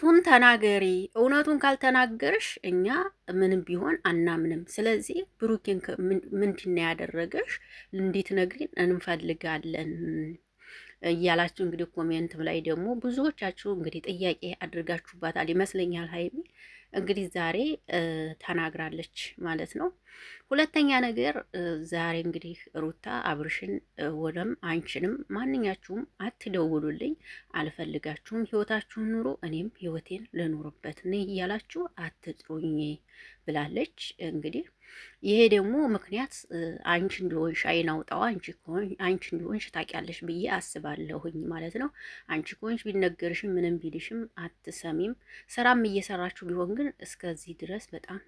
ቱን ተናገሪ። እውነቱን ካልተናገርሽ እኛ ምንም ቢሆን አናምንም። ስለዚህ ብሩኬን ምንድን ነው ያደረገሽ እንድትነግሪን እንፈልጋለን እያላችሁ እንግዲህ ኮሜንትም ላይ ደግሞ ብዙዎቻችሁ እንግዲህ ጥያቄ አድርጋችሁባታል ይመስለኛል። ሀይሚ እንግዲህ ዛሬ ተናግራለች ማለት ነው። ሁለተኛ ነገር ዛሬ እንግዲህ ሩታ አብርሽን ወደም አንቺንም ማንኛችሁም አትደውሉልኝ፣ አልፈልጋችሁም፣ ህይወታችሁን ኑሮ እኔም ህይወቴን ልኑርበት ነ እያላችሁ አትጥሩኝ ብላለች። እንግዲህ ይሄ ደግሞ ምክንያት አንቺ እንደሆንሽ አይን አውጣዋ አንቺ አንቺ እንደሆንሽ ታውቂያለሽ ብዬ አስባለሁኝ ማለት ነው። አንቺ ከሆንሽ ቢነገርሽም ምንም ቢልሽም አትሰሚም። ስራም እየሰራችሁ ቢሆን ግን እስከዚህ ድረስ በጣም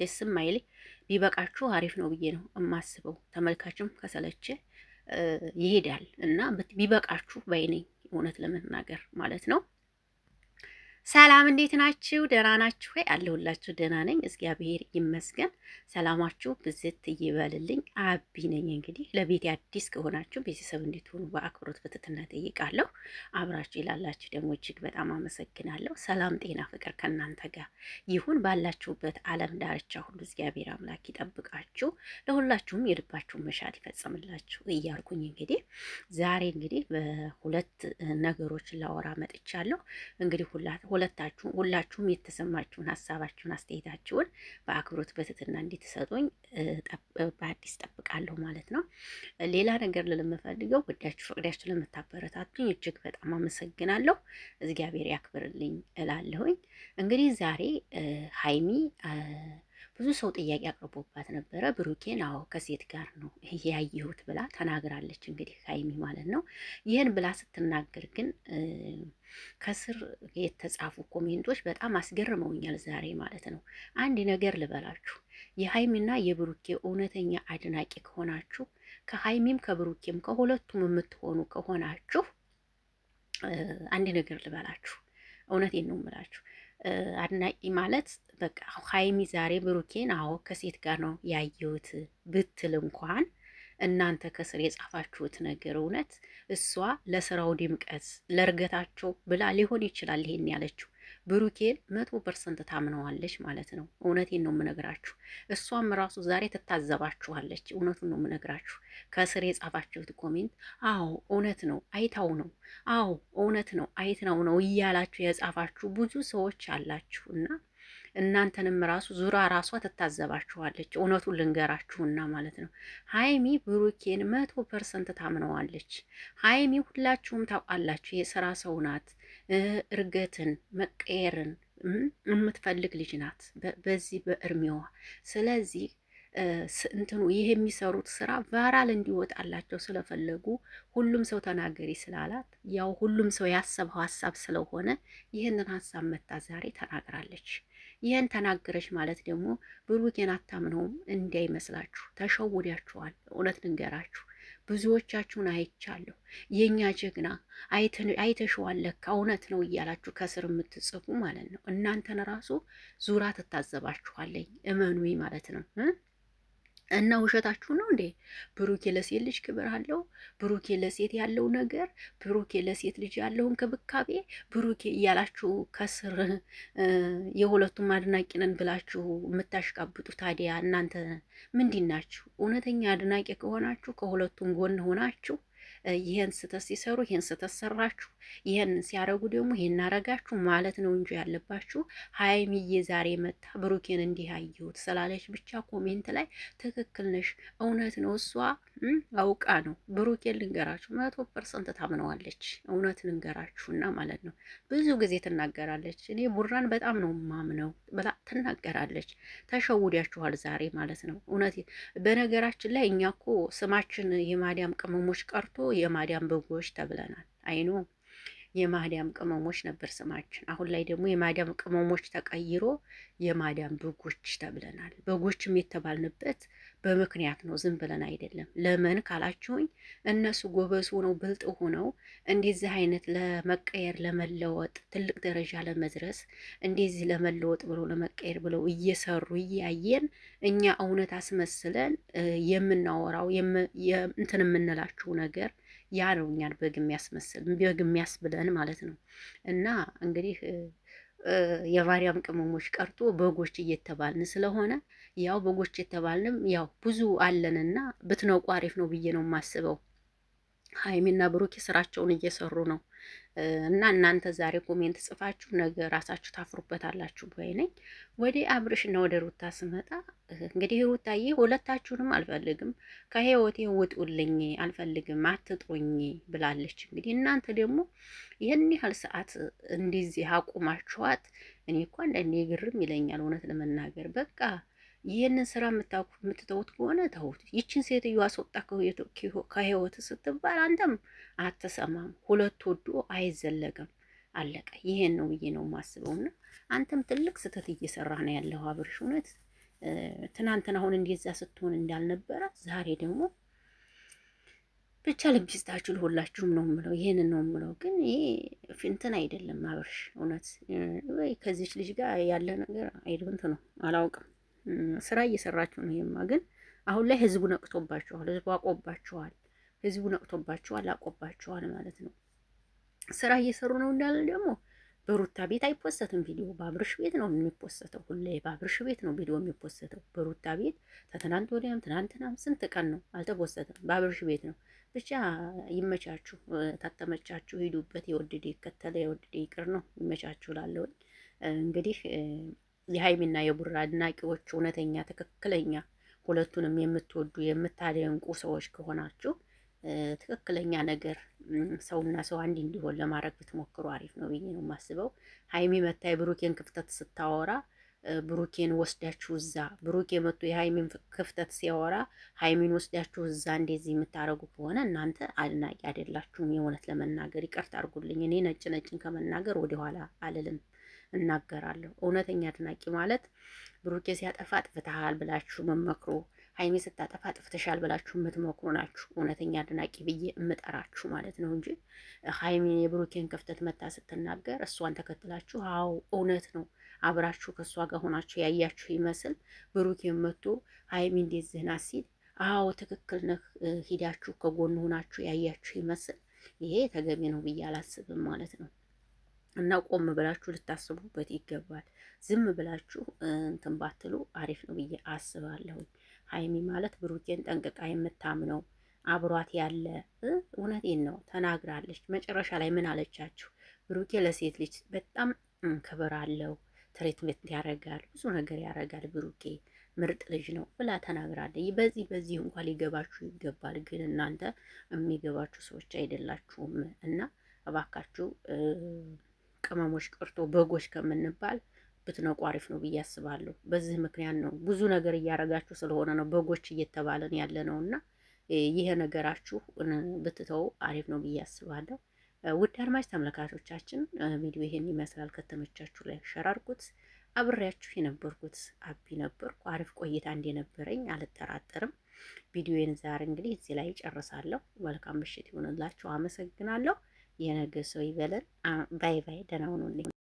ደስም አይል ቢበቃችሁ አሪፍ ነው ብዬ ነው የማስበው። ተመልካችም ከሰለች ይሄዳል እና ቢበቃችሁ ባይነኝ እውነት ለመናገር ማለት ነው። ሰላም እንዴት ናችሁ? ደህና ናችሁ ወይ? አለሁላችሁ። ደህና ነኝ፣ እግዚአብሔር ይመስገን። ሰላማችሁ ብዝት ይበልልኝ። አቢ ነኝ። እንግዲህ ለቤት አዲስ ከሆናችሁ ቤተሰብ እንድትሆኑ በአክብሮት በትህትና ጠይቃለሁ። አብራችሁ ይላላችሁ ደግሞ እጅግ በጣም አመሰግናለሁ። ሰላም፣ ጤና፣ ፍቅር ከእናንተ ጋር ይሁን። ባላችሁበት ዓለም ዳርቻ ሁሉ እግዚአብሔር አምላክ ይጠብቃችሁ፣ ለሁላችሁም የልባችሁን መሻት ይፈጽምላችሁ እያልኩኝ እንግዲህ ዛሬ እንግዲህ በሁለት ነገሮች ላወራ መጥቻለሁ። እንግዲህ ሁላት ሁለታችሁ ሁላችሁም የተሰማችሁን ሀሳባችሁን አስተያየታችሁን በአክብሮት በትትና እንዲትሰጡኝ በአዲስ ጠብቃለሁ ማለት ነው። ሌላ ነገር ለምፈልገው ወዳችሁ ፈቅዳችሁ ለምታበረታቱኝ እጅግ በጣም አመሰግናለሁ። እግዚአብሔር ያክብርልኝ እላለሁኝ። እንግዲህ ዛሬ ሀይሚ ብዙ ሰው ጥያቄ አቅርቦባት ነበረ። ብሩኬን አዎ ከሴት ጋር ነው ያየሁት ብላ ተናግራለች። እንግዲህ ሀይሚ ማለት ነው። ይህን ብላ ስትናገር ግን ከስር የተጻፉ ኮሜንቶች በጣም አስገርመውኛል ዛሬ ማለት ነው። አንድ ነገር ልበላችሁ፣ የሀይሚና የብሩኬ እውነተኛ አድናቂ ከሆናችሁ ከሀይሚም ከብሩኬም ከሁለቱም የምትሆኑ ከሆናችሁ አንድ ነገር ልበላችሁ፣ እውነቴን ነው የምላችሁ አድናቂ ማለት በቃ ሀይሚ ዛሬ ብሩኬን አዎ ከሴት ጋር ነው ያየሁት ብትል እንኳን እናንተ ከስር የጻፋችሁት ነገር እውነት እሷ ለስራው ድምቀት ለእርገታቸው ብላ ሊሆን ይችላል ይሄን ያለችው ብሩኬን መቶ ፐርሰንት ታምነዋለች ማለት ነው። እውነቴን ነው የምነግራችሁ። እሷም ራሱ ዛሬ ትታዘባችኋለች። እውነቱን ነው የምነግራችሁ። ከስር የጻፋችሁት ኮሜንት አዎ እውነት ነው አይታው ነው፣ አዎ እውነት ነው አይትናው ነው እያላችሁ የጻፋችሁ ብዙ ሰዎች አላችሁ እና እናንተንም ራሱ ዙራ ራሷ ትታዘባችኋለች። እውነቱን ልንገራችሁና ማለት ነው ሀይሚ ብሩኬን መቶ ፐርሰንት ታምነዋለች። ሀይሚ ሁላችሁም ታውቃላችሁ፣ የስራ ሰው ናት። እርገትን መቀየርን የምትፈልግ ልጅ ናት በዚህ በእድሜዋ። ስለዚህ እንትኑ ይህ የሚሰሩት ስራ ቫይራል እንዲወጣላቸው ስለፈለጉ ሁሉም ሰው ተናገሪ ስላላት ያው ሁሉም ሰው ያሰበው ሀሳብ ስለሆነ ይህንን ሀሳብ መታ ዛሬ ተናግራለች። ይህን ተናገረች ማለት ደግሞ ብሩኬን አታምነውም እንዳይመስላችሁ፣ ተሸውዳችኋል። እውነት ልንገራችሁ ብዙዎቻችሁን አይቻለሁ። የእኛ ጀግና አይተሸዋለ ከእውነት ነው እያላችሁ ከስር የምትጽፉ ማለት ነው። እናንተን ራሱ ዙራ ትታዘባችኋለኝ። እመኑኝ ማለት ነው። እና ውሸታችሁ ነው እንዴ? ብሩኬ ለሴት ልጅ ክብር አለው። ብሩኬ ለሴት ያለው ነገር፣ ብሩኬ ለሴት ልጅ ያለው እንክብካቤ፣ ብሩኬ እያላችሁ ከስር የሁለቱም አድናቂ ነን ብላችሁ የምታሽቃብጡ ታዲያ እናንተ ምንድን ናችሁ? እውነተኛ አድናቂ ከሆናችሁ ከሁለቱም ጎን ሆናችሁ ይሄን ስህተት ሲሰሩ ይሄን ስህተት ሰራችሁ፣ ይሄን ሲያረጉ ደግሞ ይሄን አረጋችሁ ማለት ነው እንጂ ያለባችሁ ሀይሚዬ ዛሬ መታ ብሩኬን እንዲህ አየሁት ስላለች ብቻ ኮሜንት ላይ ትክክል ነሽ፣ እውነት ነው እሷ አውቃ ነው። ብሩኬን ልንገራችሁ መቶ ፐርሰንት ታምነዋለች። እውነት ልንገራችሁና ማለት ነው ብዙ ጊዜ ትናገራለች። እኔ ቡራን በጣም ነው ማምነው ብላ ትናገራለች። ተሸውዳችኋል ዛሬ ማለት ነው። እውነት በነገራችን ላይ እኛ እኮ ስማችን የማዲያም ቅመሞች ቀርቶ የማዲያም በጎች ተብለናል። አይኖ የማዳም ቅመሞች ነበር ስማችን። አሁን ላይ ደግሞ የማዳም ቅመሞች ተቀይሮ የማዳም በጎች ተብለናል። በጎችም የተባልንበት በምክንያት ነው፣ ዝም ብለን አይደለም። ለምን ካላችሁኝ እነሱ ጎበዝ ሆነው ብልጥ ሆነው እንደዚህ አይነት ለመቀየር ለመለወጥ፣ ትልቅ ደረጃ ለመድረስ እንደዚህ ለመለወጥ ብለው ለመቀየር ብለው እየሰሩ እያየን እኛ እውነት አስመስለን የምናወራው እንትን የምንላችሁ ነገር ያ ነው በግ የሚያስመስል በግ የሚያስብለን ማለት ነው። እና እንግዲህ የቫሪያም ቅመሞች ቀርቶ በጎች እየተባልን ስለሆነ ያው በጎች እየተባልንም ያው ብዙ አለንና ብትነቁ አሪፍ ነው ብዬ ነው የማስበው። ሀይሚና ብሩክ ስራቸውን እየሰሩ ነው። እና እናንተ ዛሬ ኮሜንት ጽፋችሁ ነገ ራሳችሁ ታፍሩበታላችሁ ወይ ነኝ። ወደ አብርሽና ወደ ሩታ ስመጣ እንግዲህ ሩታዬ ሁለታችሁንም አልፈልግም፣ ከህይወቴ ውጡልኝ፣ አልፈልግም፣ አትጥሩኝ ብላለች። እንግዲህ እናንተ ደግሞ ይህን ያህል ሰዓት እንዲዚህ አቁማችኋት፣ እኔ እኮ አንዳንዴ ግርም ይለኛል እውነት ለመናገር በቃ ይህንን ስራ የምትተውት ከሆነ ተውት። ይችን ሴትዮ አስወጣ ከህይወት ስትባል አንተም አትሰማም። ሁለት ወዶ አይዘለቅም። አለቀ። ይሄን ነው ብዬ ነው የማስበውና አንተም ትልቅ ስህተት እየሰራ ነው ያለው አብርሽ። እውነት ትናንትና አሁን እንደዛ ስትሆን እንዳልነበረ ዛሬ ደግሞ ብቻ ልብ ይስጣችሁ ሁላችሁም ነው የምለው፣ ይሄንን ነው የምለው። ግን ይሄ ፍንትን አይደለም አብርሽ፣ እውነት ወይ ከዚች ልጅ ጋር ያለ ነገር አይዶንት ነው አላውቅም። ስራ እየሰራችሁ ነው። ይሄማ ግን አሁን ላይ ህዝቡ ነቅቶባችኋል፣ ህዝቡ አቆባችኋል፣ ህዝቡ ነቅቶባችኋል፣ አቆባችኋል ማለት ነው። ስራ እየሰሩ ነው እንዳለ ደግሞ በሩታ ቤት አይፖሰትም ቪዲዮ፣ በአብርሽ ቤት ነው የሚፖሰተው። ሁሌ በአብርሽ ቤት ነው ቪዲዮ የሚፖሰተው። በሩታ ቤት ተትናንት ወዲያም ትናንትናም ስንት ቀን ነው አልተፖሰተም፣ በአብርሽ ቤት ነው። ብቻ ይመቻችሁ፣ ታተመቻችሁ፣ ሂዱበት። የወደደ ይከተለ የወደደ ይቅር ነው። ይመቻችሁ ላለውኝ እንግዲህ የሀይሚና የቡራ አድናቂዎች እውነተኛ ትክክለኛ ሁለቱንም የምትወዱ የምታደንቁ ሰዎች ከሆናችሁ ትክክለኛ ነገር ሰውና ሰው አንድ እንዲሆን ለማድረግ ብትሞክሩ አሪፍ ነው ብዬ ነው የማስበው። ሀይሚ መታ የብሩኬን ክፍተት ስታወራ ብሩኬን ወስዳችሁ እዛ ብሩኬ መጥቶ የሀይሚን ክፍተት ሲያወራ ሀይሚን ወስዳችሁ እዛ እንደዚህ የምታደርጉ ከሆነ እናንተ አድናቂ አይደላችሁም። የእውነት ለመናገር ይቅርታ አድርጉልኝ። እኔ ነጭ ነጭን ከመናገር ወደኋላ አልልም። እናገራለሁ። እውነተኛ አድናቂ ማለት ብሩኬ ሲያጠፋ አጥፍተሃል ብላችሁ መመክሮ ሀይሜ ስታጠፋ አጥፍተሻል ብላችሁ የምትመክሩ ናችሁ። እውነተኛ አድናቂ ብዬ የምጠራችሁ ማለት ነው እንጂ ሀይሜ የብሩኬን ክፍተት መታ ስትናገር እሷን ተከትላችሁ አዎ እውነት ነው አብራችሁ ከእሷ ጋር ሆናችሁ ያያችሁ ይመስል ብሩኬን መቶ ሀይሜ እንዴት ዝህና ሲል አዎ ትክክል ነህ ሂዳችሁ ከጎን ሆናችሁ ያያችሁ ይመስል ይሄ ተገቢ ነው ብዬ አላስብም ማለት ነው። እና ቆም ብላችሁ ልታስቡበት ይገባል። ዝም ብላችሁ እንትን ባትሉ አሪፍ ነው ብዬ አስባለሁኝ። ሀይሚ ማለት ብሩኬን ጠንቅቃ የምታምነው አብሯት ያለ እውነቴን ነው ተናግራለች። መጨረሻ ላይ ምን አለቻችሁ? ብሩኬ ለሴት ልጅ በጣም ክብር አለው፣ ትሬትመንት ያደርጋል፣ ብዙ ነገር ያደርጋል፣ ብሩኬ ምርጥ ልጅ ነው ብላ ተናግራለች። በዚህ በዚህ እንኳ ሊገባችሁ ይገባል፣ ግን እናንተ የሚገባችሁ ሰዎች አይደላችሁም እና እባካችሁ ቅመሞች ቀርቶ በጎች ከምንባል ብትነቁ አሪፍ ነው ብዬ አስባለሁ። በዚህ ምክንያት ነው ብዙ ነገር እያረጋችሁ ስለሆነ ነው በጎች እየተባለን ያለ ነው እና ይሄ ነገራችሁ ብትተው አሪፍ ነው ብዬ አስባለሁ። ውድ አድማጭ ተመልካቾቻችን ቪዲዮ ይሄን ይመስላል። ከተመቻችሁ ላይ ሸራርኩት። አብሬያችሁ የነበርኩት አቢ ነበርኩ። አሪፍ ቆይታ እንደነበረኝ አልጠራጠርም። ቪዲዮዬን ዛሬ እንግዲህ እዚህ ላይ ጨርሳለሁ። መልካም ምሽት ይሆንላችሁ። አመሰግናለሁ። የነገ ሰው ይበለን። ባይ ባይ። ደህና ሁኑልኝ።